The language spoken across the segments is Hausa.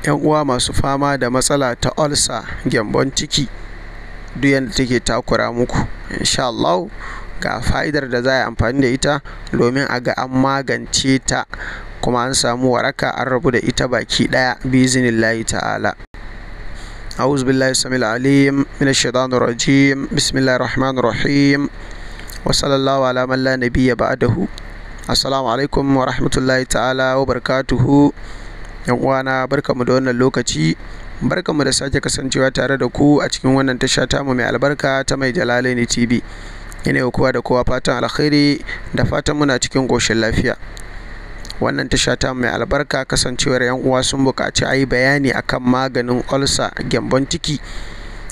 'yan uwa masu fama da matsala ta olsa gyambon ciki duk yadda take takura muku insha Allah ga fa'idar da za a yi amfani da ita domin a ga an magance ta kuma an samu waraka an rabu da ita baki ɗaya bizinillahi ta'ala أعوذ بالله السميع العليم من الشيطان الرجيم بسم الله الرحمن الرحيم وصلى الله على من لا نبي بعده السلام عليكم ورحمة الله تعالى وبركاته yan uwana barkamu da wannan lokaci barkamu da sake kasancewa tare da ku a cikin wannan tasha tamu mai albarka ta mai ne tv ina kowa da kowa fatan alkhairi da fatan muna cikin goshin lafiya wannan tasha ta mai albarka kasancewar yan uwa sun buƙaci a yi bayani akan maganin olsa gyambon ciki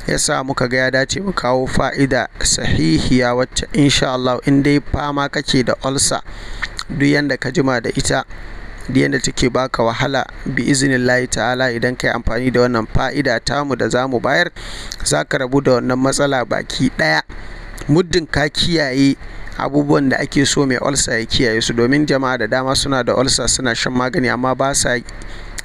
ya sa muka ga ya dace mu kawo fa'ida sahihiya wacce insha Allah in dai fama kake da olsa duk yanda ka jima da ita da yadda take baka wahala bi izinin lahi ta'ala idan kai amfani da wannan fa'ida mu da za mu bayar za ka rabu da wannan matsala baki ɗaya muddin ka kiyaye abubuwan da ake so mai olsa ya kiyaye su domin jama'a da dama suna da olsa suna shan magani amma ba sa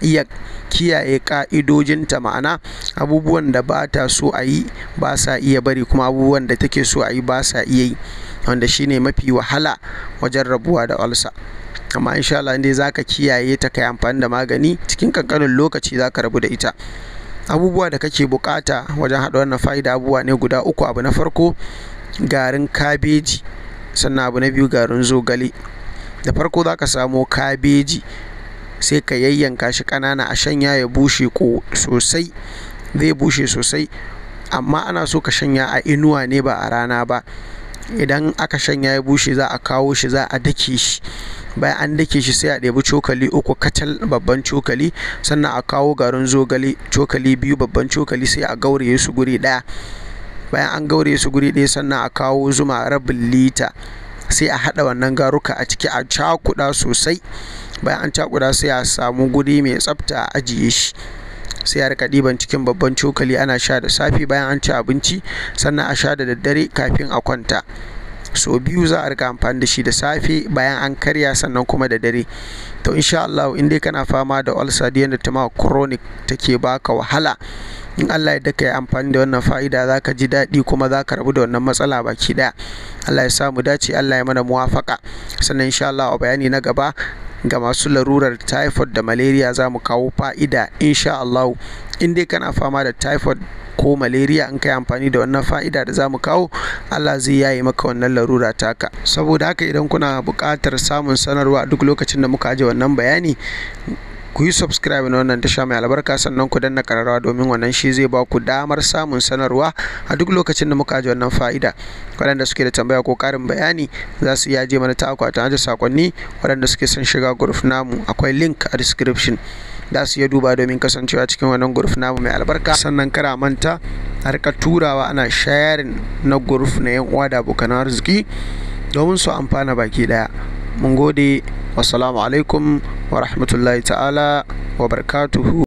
iya kiyaye ka'idojinta ma'ana abubuwan da ba ta so a yi ba sa iya bari kuma abubuwan da take so a yi ba sa iya yi wanda shine mafi wahala wajen rabuwa da olsa amma insha Allah indai zaka kiyaye ta kai amfani da magani cikin kankanin lokaci zaka rabu da ita abubuwa da kake bukata wajen haɗa wannan fa'ida abubuwa ne guda uku abu na farko garin kabeji sannan abu na biyu garin zogale da farko zaka samo kabeji sai ka yayyanka shi kanana a shanya ya bushe ko sosai zai bushe sosai amma ana so ka shanya a inuwa ne ba a rana ba idan aka shanya ya bushe za a kawo shi za a dake shi bayan an dake shi sai a ɗebi cokali uku kacal babban cokali sannan a kawo garin zogale cokali biyu babban cokali sai a gauraye su guri ɗaya bayan an gauraye su guri ɗaya sannan a kawo zuma rabin lita sai a haɗa wannan garuka a ciki a cakuda sosai bayan an cakuɗa sai a samu guri mai tsafta a ajiye shi sai a rika ɗiban cikin babban cokali ana sha da safe bayan an ci abinci sannan a sha da daddare kafin a kwanta so biyu za a rika amfani da shi da safe bayan an karya sannan kuma da dare to insha Allah in dai kana fama da ulcer da yadda ta chronic take baka wahala in Allah ya daka yi amfani da wannan fa'ida za ka ji daɗi kuma za ka rabu da wannan matsala baki ɗaya Allah ya sa mu dace Allah ya mana muwafaka sannan insha Allah a bayani na gaba ga masu larurar typhoid da malaria za mu kawo fa'ida insha Allah in dai kana fama da typhoid ko malaria in ka yi amfani da wannan fa'ida da za mu kawo Allah zai yaye maka wannan larura taka saboda haka idan kuna buƙatar samun sanarwa duk lokacin da muka aje wannan bayani ku yi subscribe na wannan tasha mai albarka sannan ku danna kararrawa domin wannan shi zai ba ku damar samun sanarwa a duk lokacin da muka ji wannan fa'ida waɗanda suke da tambaya ko ƙarin bayani za su iya je mana ta akwatin aje sakonni waɗanda suke son shiga group namu akwai link a description da su iya duba domin kasancewa cikin wannan group namu mai albarka sannan kara manta a rika turawa ana sharing na group na yan uwa da abokan arziki domin su amfana baki daya mun gode Wassalamu alaikum wa rahmatullahi ta'ala wa barkatuhu.